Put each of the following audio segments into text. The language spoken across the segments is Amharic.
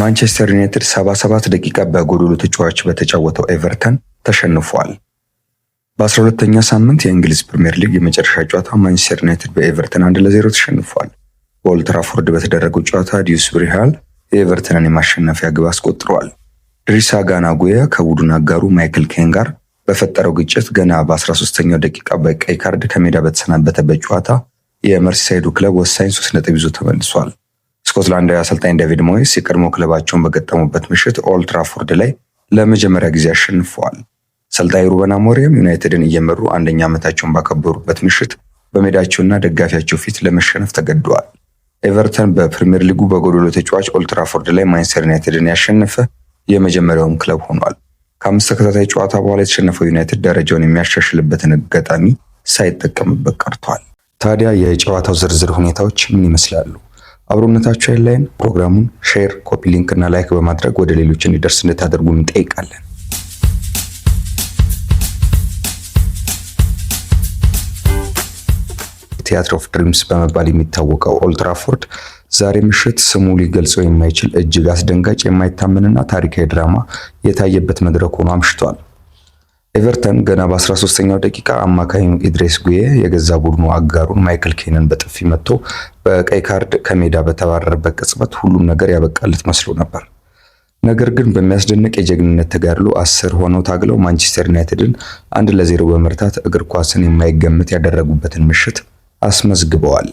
ማንቸስተር ዩናይትድ 77 ደቂቃ በጎዶሎ ተጫዋች በተጫወተው ኤቨርተን ተሸንፏል። በ12ኛ ሳምንት የእንግሊዝ ፕሪምየር ሊግ የመጨረሻ ጨዋታ ማንቸስተር ዩናይትድ በኤቨርተን 1 ለ0 ተሸንፏል። በኦልትራፎርድ በተደረገው ጨዋታ ዲዩስ ብሪሃል የኤቨርተንን የማሸነፊያ ግብ አስቆጥረዋል። ድሪሳ ጋና ጉያ ከቡድን አጋሩ ማይክል ኬን ጋር በፈጠረው ግጭት ገና በ13ኛው ደቂቃ በቀይ ካርድ ከሜዳ በተሰናበተበት ጨዋታ የመርሲሳይዱ ክለብ ወሳኝ ሶስት ነጥብ ይዞ ተመልሷል። ስኮትላንዳዊ አሰልጣኝ ዴቪድ ሞይስ የቀድሞ ክለባቸውን በገጠሙበት ምሽት ኦልትራፎርድ ላይ ለመጀመሪያ ጊዜ አሸንፈዋል። አሰልጣኝ ሩበን አሞሪም ዩናይትድን እየመሩ አንደኛ ዓመታቸውን ባከበሩበት ምሽት በሜዳቸውና ደጋፊያቸው ፊት ለመሸነፍ ተገደዋል። ኤቨርተን በፕሪምየር ሊጉ በጎዶሎ ተጫዋች ኦልትራፎርድ ላይ ማንችስተር ዩናይትድን ያሸነፈ የመጀመሪያውም ክለብ ሆኗል። ከአምስት ተከታታይ ጨዋታ በኋላ የተሸነፈው ዩናይትድ ደረጃውን የሚያሻሽልበትን አጋጣሚ ሳይጠቀምበት ቀርቷል። ታዲያ የጨዋታው ዝርዝር ሁኔታዎች ምን ይመስላሉ? አብሮነታችሁ ያለን ፕሮግራሙን ሼር፣ ኮፒ ሊንክ እና ላይክ በማድረግ ወደ ሌሎች እንዲደርስ እንድታደርጉ እንጠይቃለን። ቲያትር ኦፍ ድሪምስ በመባል የሚታወቀው ኦልትራፎርድ ዛሬ ምሽት ስሙ ሊገልጸው የማይችል እጅግ አስደንጋጭ የማይታመንና ታሪካዊ ድራማ የታየበት መድረክ ሆኖ አምሽቷል። ኤቨርተን ገና በ13ኛው ደቂቃ አማካኙ ኢድሬስ ጉዬ የገዛ ቡድኑ አጋሩን ማይክል ኬንን በጥፊ መጥቶ በቀይ ካርድ ከሜዳ በተባረረበት ቅጽበት ሁሉም ነገር ያበቃለት መስሎ ነበር። ነገር ግን በሚያስደንቅ የጀግንነት ተጋድሎ አስር ሆነው ታግለው ማንቸስተር ዩናይትድን አንድ ለዜሮ በመርታት እግር ኳስን የማይገምት ያደረጉበትን ምሽት አስመዝግበዋል።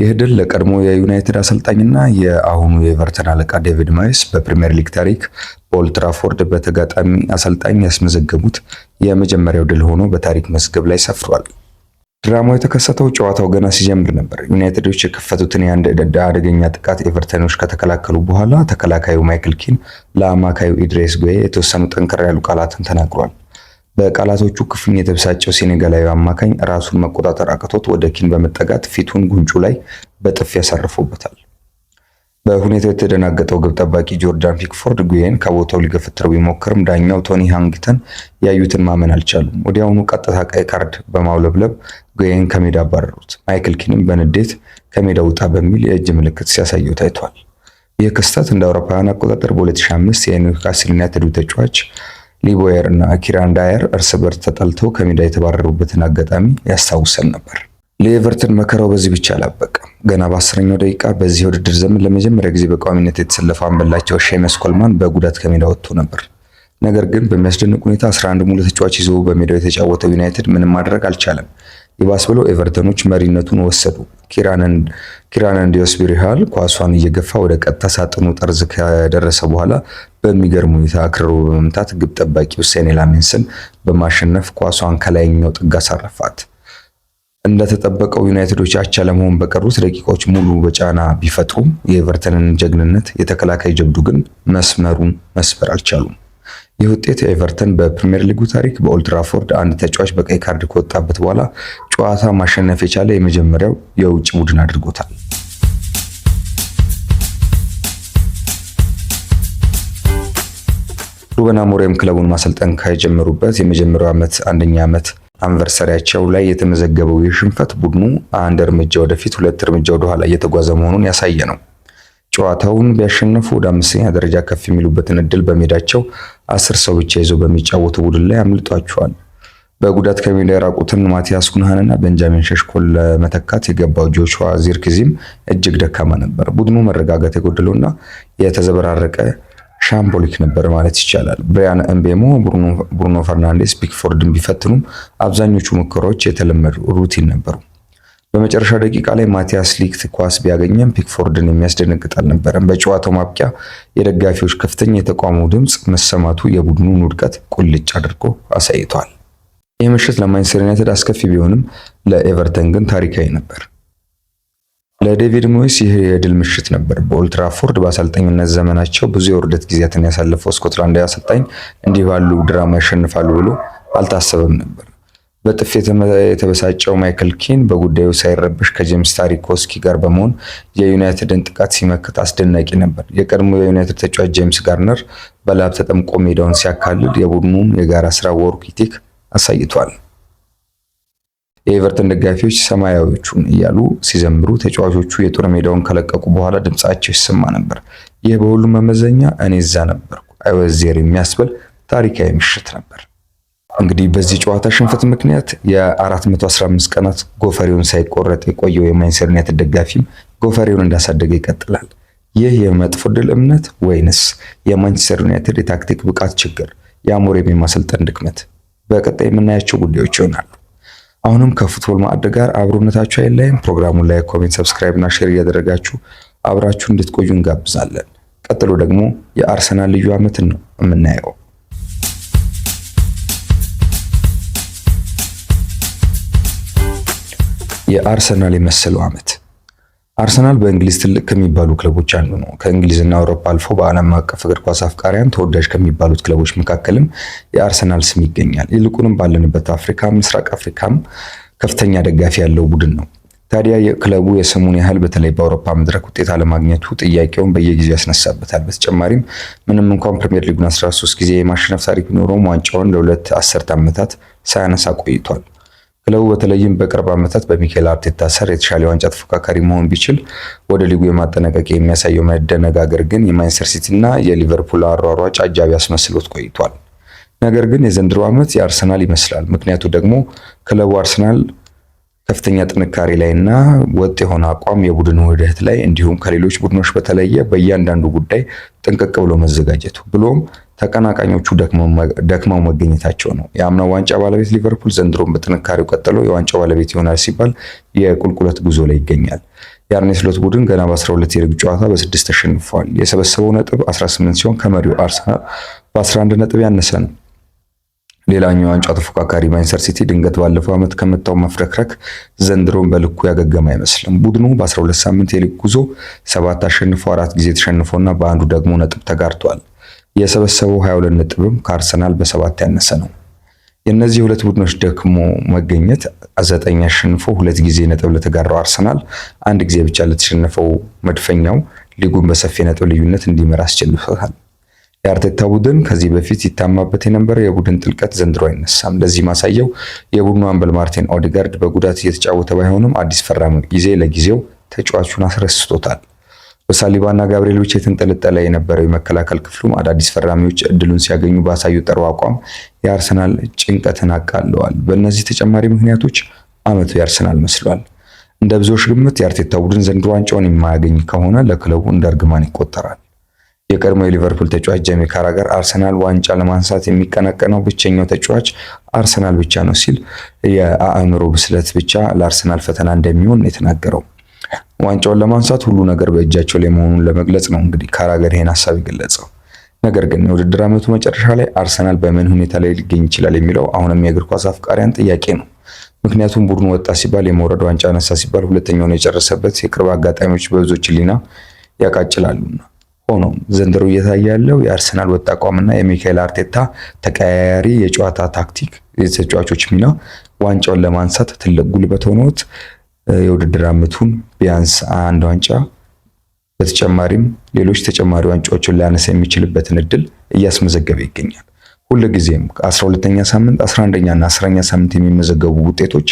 ይህ ድል ለቀድሞ የዩናይትድ አሰልጣኝና የአሁኑ የኤቨርተን አለቃ ዴቪድ ማይስ በፕሪምየር ሊግ ታሪክ በኦልትራፎርድ በተጋጣሚ አሰልጣኝ ያስመዘገቡት የመጀመሪያው ድል ሆኖ በታሪክ መዝገብ ላይ ሰፍሯል። ድራማው የተከሰተው ጨዋታው ገና ሲጀምር ነበር። ዩናይትዶች የከፈቱትን የአንድ አደገኛ ጥቃት ኤቨርተኖች ከተከላከሉ በኋላ ተከላካዩ ማይክል ኪን ለአማካዩ ኢድሬስ ጎዬ የተወሰኑ ጠንከር ያሉ ቃላትን ተናግሯል። በቃላቶቹ ክፉኛ የተበሳጨው ሴኔጋላዊ አማካኝ ራሱን መቆጣጠር አቅቶት ወደ ኪን በመጠጋት ፊቱን ጉንጩ ላይ በጥፊ ያሳርፎበታል። በሁኔታው የተደናገጠው ግብ ጠባቂ ጆርዳን ፒክፎርድ ጉዌን ከቦታው ሊገፈትረው ቢሞክርም ዳኛው ቶኒ ሃንግተን ያዩትን ማመን አልቻሉም። ወዲያውኑ ቀጥታ ቀይ ካርድ በማውለብለብ ጉዌን ከሜዳ አባረሩት። ማይክል ኪንም በንዴት ከሜዳ ውጣ በሚል የእጅ ምልክት ሲያሳየው ታይቷል። ይህ ክስተት እንደ አውሮፓውያን አቆጣጠር በ2005 የኒውካስል ተጫዋች ሊቦየር እና ኪራን ዳየር እርስ በርስ ተጠልተው ከሜዳ የተባረሩበትን አጋጣሚ ያስታውሰን ነበር። ለኤቨርተን መከራው በዚህ ብቻ አላበቀም። ገና በአስረኛው ደቂቃ በዚህ የውድድር ዘመን ለመጀመሪያ ጊዜ በቋሚነት የተሰለፈው አንበላቸው ሼመስ ኮልማን በጉዳት ከሜዳ ወጥቶ ነበር። ነገር ግን በሚያስደንቅ ሁኔታ 11 ሙሉ ተጫዋች ይዞ በሜዳው የተጫወተው ዩናይትድ ምንም ማድረግ አልቻለም። ይባስ ብሎ ኤቨርተኖች መሪነቱን ወሰዱ። ዲዮስ ዲዮስቢሪሃል ኳሷን እየገፋ ወደ ቀጥታ ሳጥኑ ጠርዝ ከደረሰ በኋላ በሚገርም ሁኔታ አክርሮ በመምታት ግብ ጠባቂ ሁሴን ላሜንስን በማሸነፍ ኳሷን ከላይኛው ጥግ አሳረፋት። እንደተጠበቀው ዩናይትዶች አቻ ለመሆን በቀሩት ደቂቃዎች ሙሉ በጫና ቢፈጥሩም የኤቨርተንን ጀግንነት የተከላካይ ጀብዱ ግን መስመሩን መስበር አልቻሉም። ይህ ውጤት ኤቨርተን በፕሪሚየር ሊጉ ታሪክ በኦልትራፎርድ አንድ ተጫዋች በቀይ ካርድ ከወጣበት በኋላ ጨዋታ ማሸነፍ የቻለ የመጀመሪያው የውጭ ቡድን አድርጎታል። ሩበን አሞሪም ክለቡን ማሰልጠን ከጀመሩበት የመጀመሪያው ዓመት አንደኛ ዓመት አንቨርሰሪያቸው ላይ የተመዘገበው የሽንፈት ቡድኑ አንድ እርምጃ ወደፊት ሁለት እርምጃ ወደኋላ እየተጓዘ መሆኑን ያሳየ ነው። ጨዋታውን ቢያሸንፉ ወደ አምስተኛ ደረጃ ከፍ የሚሉበትን እድል በሜዳቸው አስር ሰው ብቻ ይዘው በሚጫወቱ ቡድን ላይ አምልጧቸዋል። በጉዳት ከሜዳ የራቁትን ማቲያስ ኩንሃንና ቤንጃሚን ሸሽኮን ለመተካት የገባው ጆሹዋ ዚርክዚም እጅግ ደካማ ነበር። ቡድኑ መረጋጋት የጎደለውና የተዘበራረቀ ሻምቦሊክ ነበር ማለት ይቻላል። ብሪያን እምቤሞ፣ ብሩኖ ፈርናንዴስ ፒክፎርድን ቢፈትኑም አብዛኞቹ ሙከራዎች የተለመዱ ሩቲን ነበሩ። በመጨረሻ ደቂቃ ላይ ማቲያስ ሊክት ኳስ ቢያገኘም ፒክፎርድን የሚያስደነግጥ አልነበረም። በጨዋታው ማብቂያ የደጋፊዎች ከፍተኛ የተቋሙ ድምፅ መሰማቱ የቡድኑን ውድቀት ቁልጭ አድርጎ አሳይቷል። ይህ ምሽት ለማንቸስተር ዩናይትድ አስከፊ ቢሆንም ለኤቨርተን ግን ታሪካዊ ነበር። ለዴቪድ ሞይስ ይህ የድል ምሽት ነበር። በኦልትራፎርድ በአሰልጣኝነት ዘመናቸው ብዙ የውርደት ጊዜያትን ያሳለፈው ስኮትላንዳዊ አሰልጣኝ እንዲህ ባሉ ድራማ ያሸንፋሉ ብሎ አልታሰበም ነበር። በጥፊ የተበሳጨው ማይክል ኬን በጉዳዩ ሳይረበሽ ከጄምስ ታሪኮስኪ ጋር በመሆን የዩናይትድን ጥቃት ሲመክት አስደናቂ ነበር። የቀድሞ የዩናይትድ ተጫዋች ጄምስ ጋርነር በላብ ተጠምቆ ሜዳውን ሲያካልል የቡድኑን የጋራ ስራ ወርክ ኢቲክ አሳይቷል። የኤቨርተን ደጋፊዎች ሰማያዊዎቹን እያሉ ሲዘምሩ ተጫዋቾቹ የጦር ሜዳውን ከለቀቁ በኋላ ድምጻቸው ይሰማ ነበር። ይህ በሁሉም መመዘኛ እኔ እዛ ነበርኩ አይወዜር የሚያስብል ታሪካዊ ምሽት ነበር። እንግዲህ በዚህ ጨዋታ ሽንፈት ምክንያት የ415 ቀናት ጎፈሬውን ሳይቆረጥ የቆየው የማንችስተር ዩናይትድ ደጋፊም ጎፈሬውን እንዳሳደገ ይቀጥላል። ይህ የመጥፎ ድል እምነት ወይንስ የማንችስተር ዩናይትድ የታክቲክ ብቃት ችግር፣ የአሞሪም የማሰልጠን ድክመት በቀጣይ የምናያቸው ጉዳዮች ይሆናሉ። አሁንም ከፉትቦል ማዕድ ጋር አብሮነታችሁ አይለይም። ፕሮግራሙን ላይ ኮሜንት፣ ሰብስክራይብ እና ሼር እያደረጋችሁ አብራችሁ እንድትቆዩ እንጋብዛለን። ቀጥሎ ደግሞ የአርሰናል ልዩ ዓመትን ነው የምናየው። የአርሰናል የመሰለው ዓመት አርሰናል በእንግሊዝ ትልቅ ከሚባሉ ክለቦች አንዱ ነው። ከእንግሊዝና አውሮፓ አልፎ በዓለም አቀፍ እግር ኳስ አፍቃሪያን ተወዳጅ ከሚባሉት ክለቦች መካከልም የአርሰናል ስም ይገኛል። ይልቁንም ባለንበት አፍሪካ፣ ምስራቅ አፍሪካም ከፍተኛ ደጋፊ ያለው ቡድን ነው። ታዲያ የክለቡ የስሙን ያህል በተለይ በአውሮፓ መድረክ ውጤት አለማግኘቱ ጥያቄውን በየጊዜው ያስነሳበታል። በተጨማሪም ምንም እንኳን ፕሪሚየር ሊጉን 13 ጊዜ የማሸነፍ ታሪክ ቢኖረውም ዋንጫውን ለሁለት አስርት ዓመታት ሳያነሳ ቆይቷል። ክለቡ በተለይም በቅርብ ዓመታት በሚካኤል አርቴታ ስር የተሻለ ዋንጫ ተፎካካሪ መሆን ቢችል ወደ ሊጉ የማጠናቀቂያ የሚያሳየው መደነጋገር ግን የማንቸስተር ሲቲና የሊቨርፑል አሯሯጭ አጃቢ አስመስሎት ቆይቷል። ነገር ግን የዘንድሮ ዓመት የአርሰናል ይመስላል። ምክንያቱ ደግሞ ክለቡ አርሰናል ከፍተኛ ጥንካሬ ላይ እና ወጥ የሆነ አቋም የቡድን ውህደት ላይ እንዲሁም ከሌሎች ቡድኖች በተለየ በእያንዳንዱ ጉዳይ ጥንቅቅ ብሎ መዘጋጀቱ ብሎም ተቀናቃኞቹ ደክመው መገኘታቸው ነው። የአምናው ዋንጫ ባለቤት ሊቨርፑል ዘንድሮም በጥንካሬው ቀጥሎ የዋንጫው ባለቤት ይሆናል ሲባል የቁልቁለት ጉዞ ላይ ይገኛል። የአርኔ ስሎት ቡድን ገና በ12 የሊግ ጨዋታ በስድስት ተሸንፏል። የሰበሰበው ነጥብ 18 ሲሆን ከመሪው አርሰናል በ11 ነጥብ ያነሰ ነው። ሌላኛው ዋንጫ ተፎካካሪ ማንቸስተር ሲቲ ድንገት ባለፈው ዓመት ከመታው መፍረክረክ ዘንድሮን በልኩ ያገገመ አይመስልም። ቡድኑ በ12 ሳምንት የሊግ ጉዞ ሰባት አሸንፎ አራት ጊዜ ተሸንፎና በአንዱ ደግሞ ነጥብ ተጋርቷል። የሰበሰበው 22 ነጥብም ከአርሰናል በሰባት ያነሰ ነው። የእነዚህ ሁለት ቡድኖች ደክሞ መገኘት ዘጠኝ አሸንፎ ሁለት ጊዜ ነጥብ ለተጋራው አርሰናል፣ አንድ ጊዜ ብቻ ለተሸነፈው መድፈኛው ሊጉን በሰፊ ነጥብ ልዩነት እንዲመራ አስችልፎታል። የአርቴታ ቡድን ከዚህ በፊት ሲታማበት የነበረ የቡድን ጥልቀት ዘንድሮ አይነሳም። ለዚህ ማሳየው የቡድኑ አምበል ማርቲን ኦዲጋርድ በጉዳት እየተጫወተ ባይሆንም አዲስ ፈራሚ ጊዜ ለጊዜው ተጫዋቹን አስረስቶታል። በሳሊባና ጋብርኤል ብቻ የተንጠለጠለ የነበረው የመከላከል ክፍሉም አዳዲስ ፈራሚዎች እድሉን ሲያገኙ ባሳዩ ጥሩ አቋም የአርሰናል ጭንቀትን አቃለዋል። በእነዚህ ተጨማሪ ምክንያቶች አመቱ የአርሰናል መስሏል። እንደ ብዙዎች ግምት የአርቴታ ቡድን ዘንድሮ ዋንጫውን የማያገኝ ከሆነ ለክለቡ እንደ እርግማን ይቆጠራል። የቀድሞ የሊቨርፑል ተጫዋች ጃሚ ካራገር አርሰናል ዋንጫ ለማንሳት የሚቀናቀነው ብቸኛው ተጫዋች አርሰናል ብቻ ነው ሲል የአእምሮ ብስለት ብቻ ለአርሰናል ፈተና እንደሚሆን የተናገረው ዋንጫውን ለማንሳት ሁሉ ነገር በእጃቸው ላይ መሆኑን ለመግለጽ ነው። እንግዲህ ካራገር ይሄን ሀሳብ የገለጸው ነገር ግን የውድድር ዓመቱ መጨረሻ ላይ አርሰናል በምን ሁኔታ ላይ ሊገኝ ይችላል የሚለው አሁንም የእግር ኳስ አፍቃሪያን ጥያቄ ነው። ምክንያቱም ቡድኑ ወጣ ሲባል የመውረድ ዋንጫ ነሳ ሲባል ሁለተኛውን የጨረሰበት የቅርብ አጋጣሚዎች በብዙዎች ሕሊና ያቃጭላሉና ሆኖም ዘንድሮ እየታየ ያለው የአርሰናል ወጥ አቋምና የሚካኤል አርቴታ ተቀያያሪ የጨዋታ ታክቲክ የተጫዋቾች ሚና ዋንጫውን ለማንሳት ትልቅ ጉልበት ሆኖት የውድድር ዓመቱን ቢያንስ አንድ ዋንጫ በተጨማሪም ሌሎች ተጨማሪ ዋንጫዎችን ሊያነሳ የሚችልበትን እድል እያስመዘገበ ይገኛል። ሁልጊዜም ጊዜም 12 ኛ ሳምንት 11ኛ እና 10ኛ ሳምንት የሚመዘገቡ ውጤቶች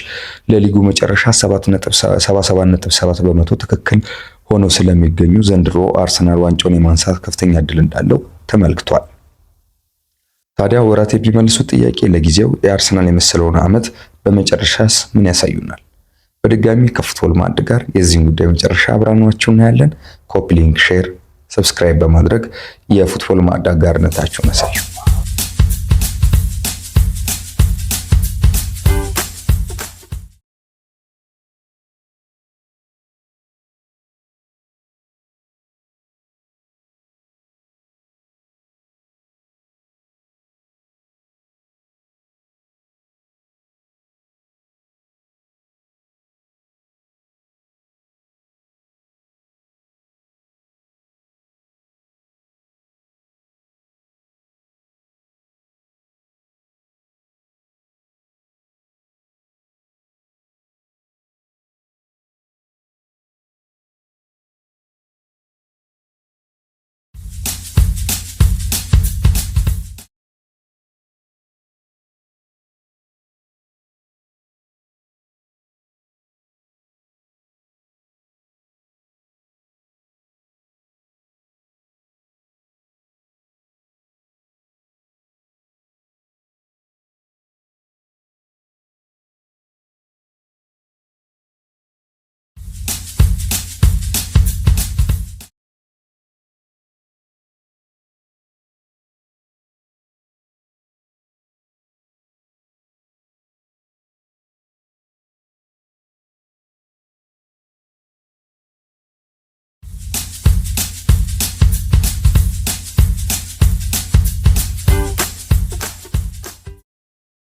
ለሊጉ መጨረሻ 77 በመቶ ትክክል ሆነው ስለሚገኙ ዘንድሮ አርሰናል ዋንጫውን የማንሳት ከፍተኛ እድል እንዳለው ተመልክቷል። ታዲያ ወራት የሚመልሱት ጥያቄ ለጊዜው የአርሰናል የመሰለውን ዓመት በመጨረሻስ ምን ያሳዩናል? በድጋሚ ከፉትቦል ማዕድ ጋር የዚህን ጉዳይ መጨረሻ አብራናችሁ እናያለን። ኮፒ ሼር፣ ሰብስክራይብ በማድረግ የፉትቦል ማዕድ አጋርነታችሁን አሳዩ።